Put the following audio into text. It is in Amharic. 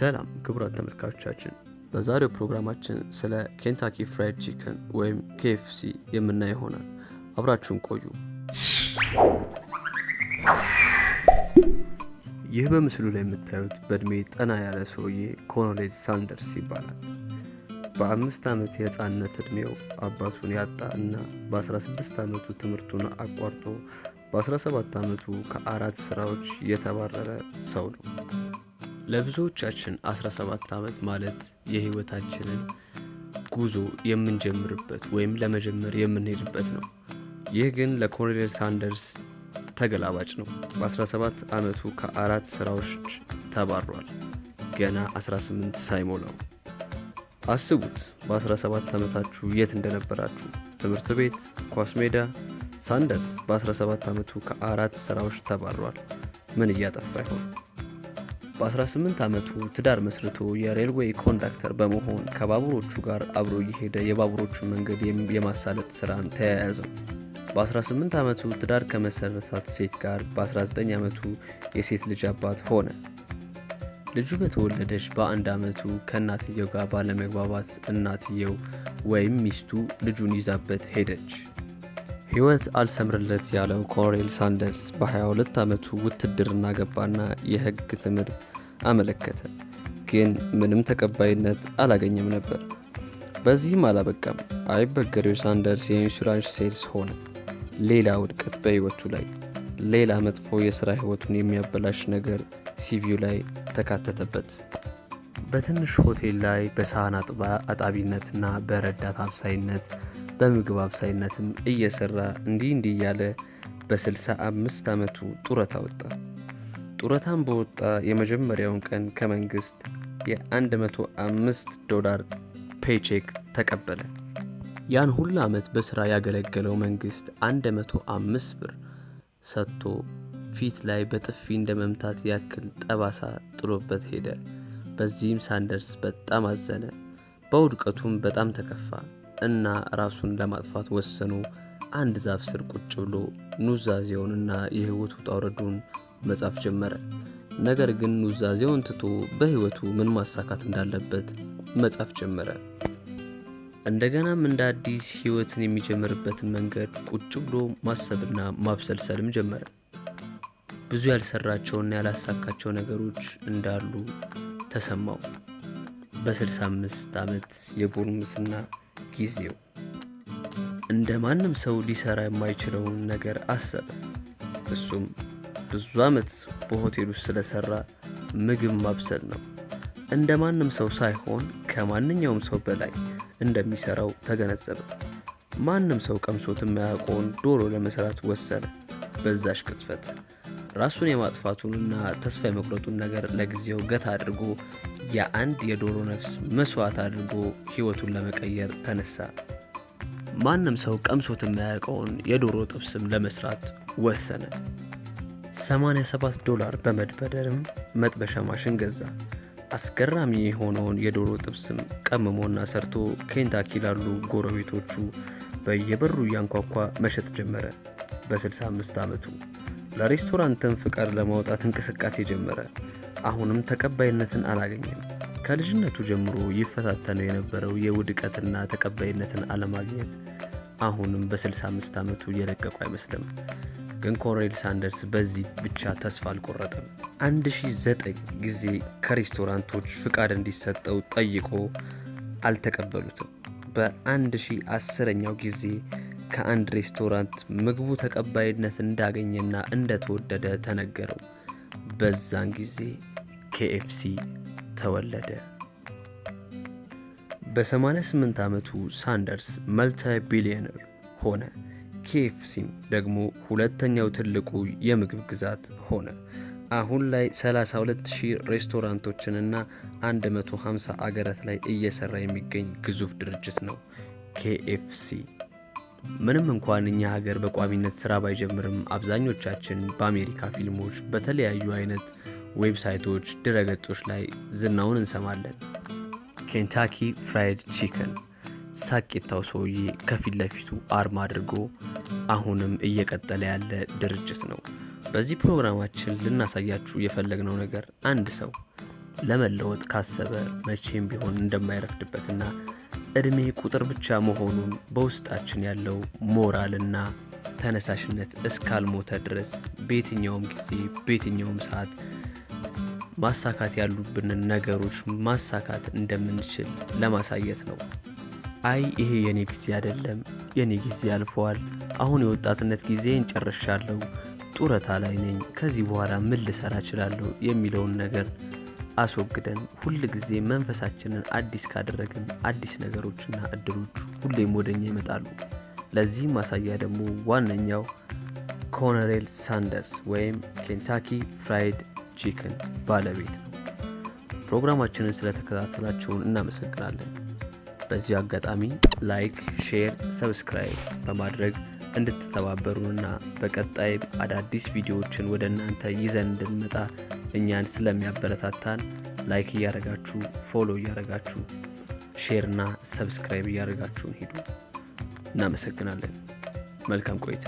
ሰላም ክቡራት ተመልካቾቻችን፣ በዛሬው ፕሮግራማችን ስለ ኬንታኪ ፍራይድ ቺክን ወይም ኬኤፍሲ የምናይ ይሆናል። አብራችሁን ቆዩ። ይህ በምስሉ ላይ የምታዩት በእድሜ ጠና ያለ ሰውዬ ኮሎኔል ሳንደርስ ይባላል። በአምስት ዓመት የህፃንነት ዕድሜው አባቱን ያጣ እና በ16 ዓመቱ ትምህርቱን አቋርጦ በ17 ዓመቱ ከአራት ስራዎች የተባረረ ሰው ነው። ለብዙዎቻችን 17 ዓመት ማለት የህይወታችንን ጉዞ የምንጀምርበት ወይም ለመጀመር የምንሄድበት ነው። ይህ ግን ለኮሎኔል ሳንደርስ ተገላባጭ ነው። በ17 ዓመቱ ከአራት ስራዎች ተባሯል፣ ገና 18 ሳይሞላው። አስቡት በ17 ዓመታችሁ የት እንደነበራችሁ፣ ትምህርት ቤት፣ ኳስ ሜዳ። ሳንደርስ በ17 ዓመቱ ከአራት ስራዎች ተባሯል። ምን እያጠፋ ይሆን? በ18 ዓመቱ ትዳር መስርቶ የሬልዌይ ኮንዳክተር በመሆን ከባቡሮቹ ጋር አብሮ እየሄደ የባቡሮቹን መንገድ የማሳለጥ ስራን ተያያዘ በ በ18 ዓመቱ ትዳር ከመሰረታት ሴት ጋር በ19 ዓመቱ የሴት ልጅ አባት ሆነ። ልጁ በተወለደች በአንድ ዓመቱ ከእናትየው ጋር ባለመግባባት እናትየው ወይም ሚስቱ ልጁን ይዛበት ሄደች። ህይወት አልሰምርለት ያለው ኮሬል ሳንደርስ በ22 ዓመቱ ውትድርና ገባና የህግ ትምህርት አመለከተ፣ ግን ምንም ተቀባይነት አላገኘም ነበር። በዚህም አላበቃም። አይበገሬው ሳንደርስ የኢንሹራንስ ሴልስ ሆነ። ሌላ ውድቀት በሕይወቱ ላይ፣ ሌላ መጥፎ የሥራ ሕይወቱን የሚያበላሽ ነገር ሲቪው ላይ ተካተተበት። በትንሽ ሆቴል ላይ በሳህን አጣቢነትና በረዳት አብሳይነት በምግብ አብሳይነትም እየሰራ እንዲህ እንዲህ እያለ በ 65 ዓመቱ ጡረታ ወጣ። ጡረታን በወጣ የመጀመሪያውን ቀን ከመንግስት የ105 ዶላር ፔቼክ ተቀበለ። ያን ሁሉ ዓመት በሥራ ያገለገለው መንግስት 105 ብር ሰጥቶ ፊት ላይ በጥፊ እንደ መምታት ያክል ጠባሳ ጥሎበት ሄደ። በዚህም ሳንደርስ በጣም አዘነ። በውድቀቱም በጣም ተከፋ እና ራሱን ለማጥፋት ወሰኑ። አንድ ዛፍ ስር ቁጭ ብሎ ኑዛዜውንና የሕይወት ውጣ መጻፍ ጀመረ። ነገር ግን ኑዛዜውን ትቶ በህይወቱ ምን ማሳካት እንዳለበት መጻፍ ጀመረ። እንደገናም እንደ አዲስ ህይወትን የሚጀምርበትን መንገድ ቁጭ ብሎ ማሰብና ማብሰልሰልም ጀመረ። ብዙ ያልሰራቸውና ያላሳካቸው ነገሮች እንዳሉ ተሰማው በ65 ዓመት የጉርምስና ጊዜው እንደ ማንም ሰው ሊሰራ የማይችለውን ነገር አሰበ። እሱም ብዙ ዓመት በሆቴል ውስጥ ስለሰራ ምግብ ማብሰል ነው። እንደ ማንም ሰው ሳይሆን ከማንኛውም ሰው በላይ እንደሚሰራው ተገነዘበ። ማንም ሰው ቀምሶት የማያውቀውን ዶሮ ለመስራት ወሰነ በዛሽ ቅጽበት። ራሱን የማጥፋቱንና ተስፋ የመቁረጡን ነገር ለጊዜው ገት አድርጎ የአንድ የዶሮ ነፍስ መስዋዕት አድርጎ ህይወቱን ለመቀየር ተነሳ። ማንም ሰው ቀምሶት የማያውቀውን የዶሮ ጥብስም ለመስራት ወሰነ። 87 ዶላር በመድበደርም መጥበሻ ማሽን ገዛ። አስገራሚ የሆነውን የዶሮ ጥብስም ቀምሞና ሰርቶ ኬንታኪ ላሉ ጎረቤቶቹ በየበሩ እያንኳኳ መሸጥ ጀመረ በ65 ዓመቱ። ለሬስቶራንትም ፍቃድ ለማውጣት እንቅስቃሴ ጀመረ። አሁንም ተቀባይነትን አላገኘም። ከልጅነቱ ጀምሮ ይፈታተነው የነበረው የውድቀትና ተቀባይነትን አለማግኘት አሁንም በ65 ዓመቱ የለቀቁ አይመስልም። ግን ኮሎኔል ሳንደርስ በዚህ ብቻ ተስፋ አልቆረጠም። 1009 ጊዜ ከሬስቶራንቶች ፍቃድ እንዲሰጠው ጠይቆ አልተቀበሉትም። በ1010ኛው ጊዜ ከአንድ ሬስቶራንት ምግቡ ተቀባይነት እንዳገኘና እንደተወደደ ተነገረው። በዛን ጊዜ ኬኤፍሲ ተወለደ። በ88 ዓመቱ ሳንደርስ መልተ ቢሊዮነር ሆነ። ኬኤፍሲም ደግሞ ሁለተኛው ትልቁ የምግብ ግዛት ሆነ። አሁን ላይ 32000 ሬስቶራንቶችንና 150 አገራት ላይ እየሰራ የሚገኝ ግዙፍ ድርጅት ነው ኬኤፍሲ። ምንም እንኳን እኛ ሀገር በቋሚነት ስራ ባይጀምርም አብዛኞቻችን በአሜሪካ ፊልሞች፣ በተለያዩ አይነት ዌብሳይቶች፣ ድረገጾች ላይ ዝናውን እንሰማለን። ኬንታኪ ፍራይድ ቺከን ሳቄታው ሰውዬ ከፊት ለፊቱ አርማ አድርጎ አሁንም እየቀጠለ ያለ ድርጅት ነው። በዚህ ፕሮግራማችን ልናሳያችሁ የፈለግነው ነገር አንድ ሰው ለመለወጥ ካሰበ መቼም ቢሆን እንደማይረፍድበትና እድሜ ቁጥር ብቻ መሆኑን በውስጣችን ያለው ሞራልና ተነሳሽነት እስካልሞተ ድረስ በየትኛውም ጊዜ በየትኛውም ሰዓት ማሳካት ያሉብንን ነገሮች ማሳካት እንደምንችል ለማሳየት ነው። አይ ይሄ የኔ ጊዜ አይደለም፣ የኔ ጊዜ አልፈዋል፣ አሁን የወጣትነት ጊዜን ጨርሻለሁ፣ ጡረታ ላይ ነኝ፣ ከዚህ በኋላ ምን ልሰራ እችላለሁ የሚለውን ነገር አስወግደን ሁል ጊዜ መንፈሳችንን አዲስ ካደረግን አዲስ ነገሮችና እድሎች ሁሌም ወደኛ ይመጣሉ። ለዚህ ማሳያ ደግሞ ዋነኛው ኮነሬል ሳንደርስ ወይም ኬንታኪ ፍራይድ ቺክን ባለቤት ነው። ፕሮግራማችንን ስለተከታተላችሁን እናመሰግናለን። በዚሁ አጋጣሚ ላይክ፣ ሼር፣ ሰብስክራይብ በማድረግ እንድትተባበሩንና በቀጣይ አዳዲስ ቪዲዮዎችን ወደ እናንተ ይዘን እንድንመጣ እኛን ስለሚያበረታታን ላይክ እያደረጋችሁ ፎሎ እያደረጋችሁ ሼርና ሰብስክራይብ እያደረጋችሁን ሂዱ። እናመሰግናለን። መልካም ቆይታ